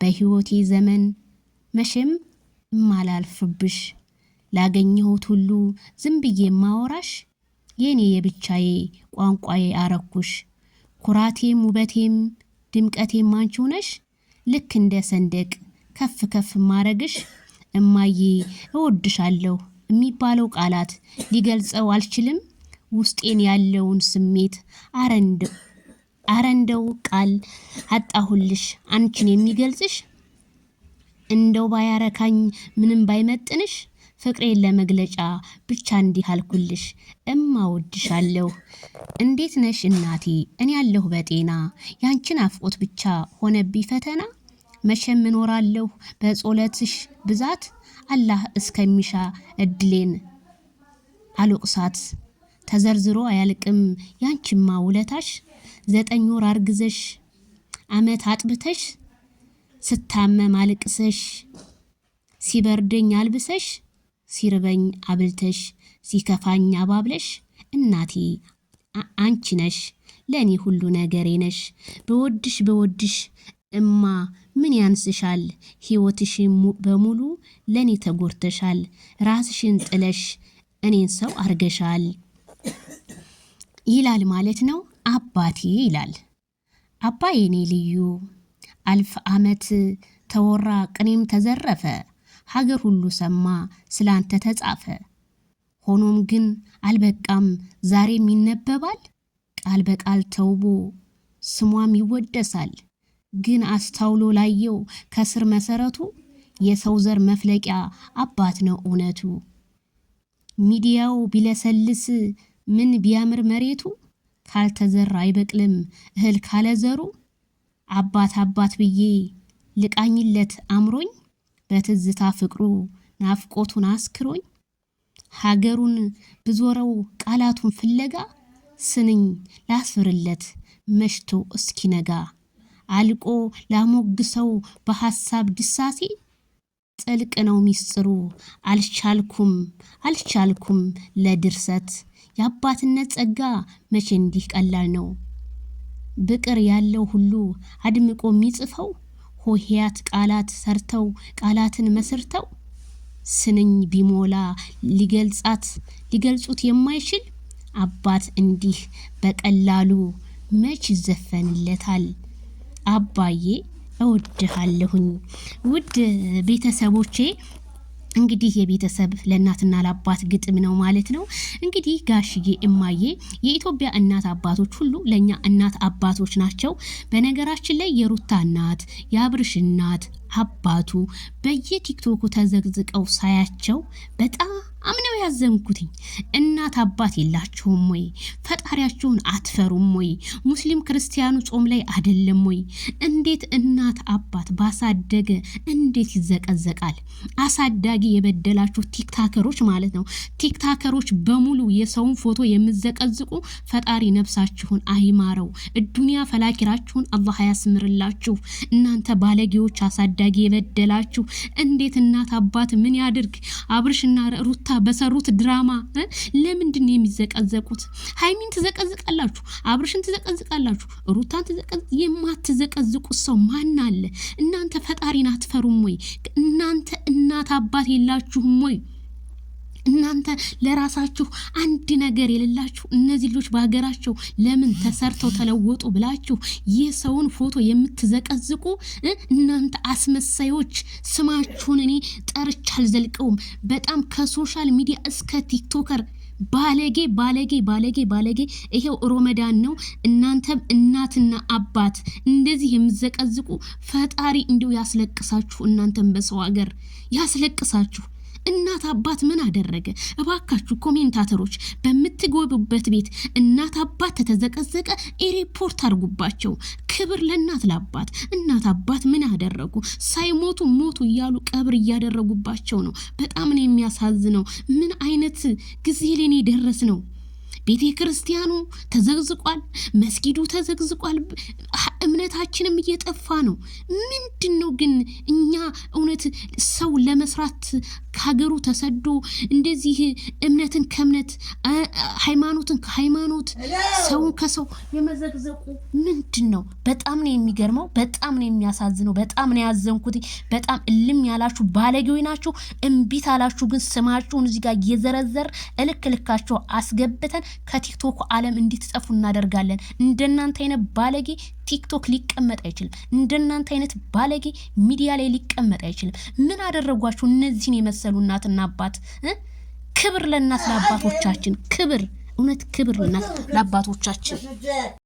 በህይወቴ ዘመን መቼም እማላልፍብሽ ላገኘሁት ሁሉ ዝም ብዬ ማወራሽ የኔ የብቻዬ ቋንቋዬ አረኩሽ ኩራቴም ውበቴም ድምቀቴም አንቺው ነሽ ልክ እንደ ሰንደቅ ከፍ ከፍ ማረግሽ እማዬ እወድሻለሁ የሚባለው ቃላት ሊገልጸው አልችልም ውስጤን ያለውን ስሜት አረንድ አረ እንደው ቃል አጣሁልሽ አንቺን የሚገልጽሽ እንደው ባያረካኝ ምንም ባይመጥንሽ ፍቅሬን ለመግለጫ ብቻ እንዲህ አልኩልሽ። እማ ወድሻለሁ። እንዴት ነሽ እናቴ? እኔ ያለሁ በጤና ያንቺን አፍቆት ብቻ ሆነብኝ ፈተና። መቼም እኖራለሁ በጾለትሽ ብዛት አላህ እስከሚሻ እድሌን አልወቅሳት ተዘርዝሮ አያልቅም ያንቺማ ውለታሽ። ዘጠኝ ወር አርግዘሽ አመት አጥብተሽ ስታመም አልቅሰሽ ሲበርደኝ አልብሰሽ ሲርበኝ አብልተሽ ሲከፋኝ አባብለሽ እናቴ አንቺ ነሽ ለእኔ ሁሉ ነገሬ ነሽ። በወድሽ በወድሽ እማ ምን ያንስሻል? ሕይወትሽን በሙሉ ለእኔ ተጎርተሻል። ራስሽን ጥለሽ እኔን ሰው አርገሻል ይላል ማለት ነው። አባቴ ይላል። አባ የኔ ልዩ አልፍ ዓመት ተወራ ቅኔም ተዘረፈ ሀገር ሁሉ ሰማ አንተ ተጻፈ። ሆኖም ግን አልበቃም ዛሬም ይነበባል ቃል በቃል ተውቦ ስሟም ይወደሳል። ግን አስታውሎ ላየው ከስር መሰረቱ የሰው ዘር መፍለቂያ አባት ነው እውነቱ። ሚዲያው ቢለሰልስ ምን ቢያምር መሬቱ ካልተዘራ አይበቅልም። እህል ካለዘሩ አባት አባት ብዬ ልቃኝለት አምሮኝ በትዝታ ፍቅሩ ናፍቆቱን አስክሮኝ ሀገሩን ብዞረው ቃላቱን ፍለጋ ስንኝ ላስፍርለት መሽቶ እስኪነጋ አልቆ ላሞግሰው በሐሳብ ድሳሴ ጥልቅ ነው ሚስጥሩ አልቻልኩም አልቻልኩም ለድርሰት የአባትነት ጸጋ መቼ እንዲህ ቀላል ነው። ብቅር ያለው ሁሉ አድምቆ የሚጽፈው ሆሄያት ቃላት ሰርተው ቃላትን መስርተው ስንኝ ቢሞላ ሊገልጻት ሊገልጹት የማይችል አባት እንዲህ በቀላሉ መች ይዘፈንለታል አባዬ እወድሃለሁኝ ውድ ቤተሰቦቼ እንግዲህ የቤተሰብ ለእናትና ለአባት ግጥም ነው ማለት ነው። እንግዲህ ጋሽዬ እማዬ የኢትዮጵያ እናት አባቶች ሁሉ ለእኛ እናት አባቶች ናቸው። በነገራችን ላይ የሩታ እናት፣ የአብርሽ እናት አባቱ በየቲክቶኩ ተዘግዝቀው ሳያቸው በጣም አምነው ያዘንኩትኝ። እናት አባት የላችሁም ወይ? ፈጣሪያችሁን አትፈሩም ወይ? ሙስሊም ክርስቲያኑ ጾም ላይ አደለም ወይ? እንዴት እናት አባት ባሳደገ እንዴት ይዘቀዘቃል? አሳዳጊ የበደላችሁ ቲክታከሮች ማለት ነው። ቲክታከሮች በሙሉ የሰውን ፎቶ የምዘቀዝቁ ፈጣሪ ነብሳችሁን አይማረው፣ እዱንያ ፈላኪራችሁን አላህ ያስምርላችሁ። እናንተ ባለጌዎች፣ አሳዳጊ የበደላችሁ እንዴት እናት አባት ምን ያድርግ አብርሽና ሩታ በሰሩት ድራማ ለምንድን ነው የሚዘቀዘቁት? ሀይሚን ትዘቀዝቃላችሁ፣ አብርሽን ትዘቀዝቃላችሁ፣ ሩታን ትዘቀዝ የማትዘቀዝቁት ሰው ማን አለ? እናንተ ፈጣሪን አትፈሩም ወይ? እናንተ እናት አባት የላችሁም ወይ? እናንተ ለራሳችሁ አንድ ነገር የሌላችሁ እነዚህ ልጆች በሀገራቸው ለምን ተሰርተው ተለወጡ ብላችሁ ሰውን ፎቶ የምትዘቀዝቁ እናንተ አስመሳዮች ስማችሁን እኔ ጠርቻ አልዘልቀውም። በጣም ከሶሻል ሚዲያ እስከ ቲክቶከር ባለጌ ባለጌ ባለጌ ባለጌ ይሄው ሮመዳን ነው። እናንተም እናትና አባት እንደዚህ የምትዘቀዝቁ ፈጣሪ እንዲሁ ያስለቅሳችሁ። እናንተም በሰው ሀገር ያስለቅሳችሁ። እናት አባት ምን አደረገ? እባካችሁ ኮሜንታተሮች በምትጎቡበት ቤት እናት አባት ተተዘቀዘቀ ኤሪፖርት አድርጉባቸው። ክብር ለእናት ለአባት። እናት አባት ምን አደረጉ? ሳይሞቱ ሞቱ እያሉ ቀብር እያደረጉባቸው ነው። በጣም ነው የሚያሳዝነው። ምን አይነት ጊዜ ሌኔ ደረስ ነው። ቤተ ክርስቲያኑ ተዘግዝቋል፣ መስጊዱ ተዘግዝቋል፣ እምነታችንም እየጠፋ ነው። ምንድን ነው ግን እኛ እውነት ሰው ለመስራት ከሀገሩ ተሰዶ እንደዚህ እምነትን ከእምነት ሃይማኖትን ከሃይማኖት ሰውን ከሰው የመዘግዘቁ ምንድን ነው? በጣም ነው የሚገርመው። በጣም ነው የሚያሳዝነው። በጣም ነው ያዘንኩት። በጣም እልም ያላችሁ ባለጌዎች ናችሁ። እምቢት አላችሁ። ግን ስማችሁን እዚህ ጋር እየዘረዘር እልክ ልካቸው አስገብተን ከቲክቶክ አለም እንዲትጠፉ እናደርጋለን። እንደናንተ አይነት ባለጌ ቲክቶክ ሊቀመጥ አይችልም። እንደናንተ አይነት ባለጌ ሚዲያ ላይ ሊቀመጥ አይችልም። ምን አደረጓችሁ እነዚህን የመሰሉ ለመሰሉ እናትና አባት ክብር ለእናት ለአባቶቻችን ክብር፣ እውነት ክብር ለእናት ለአባቶቻችን።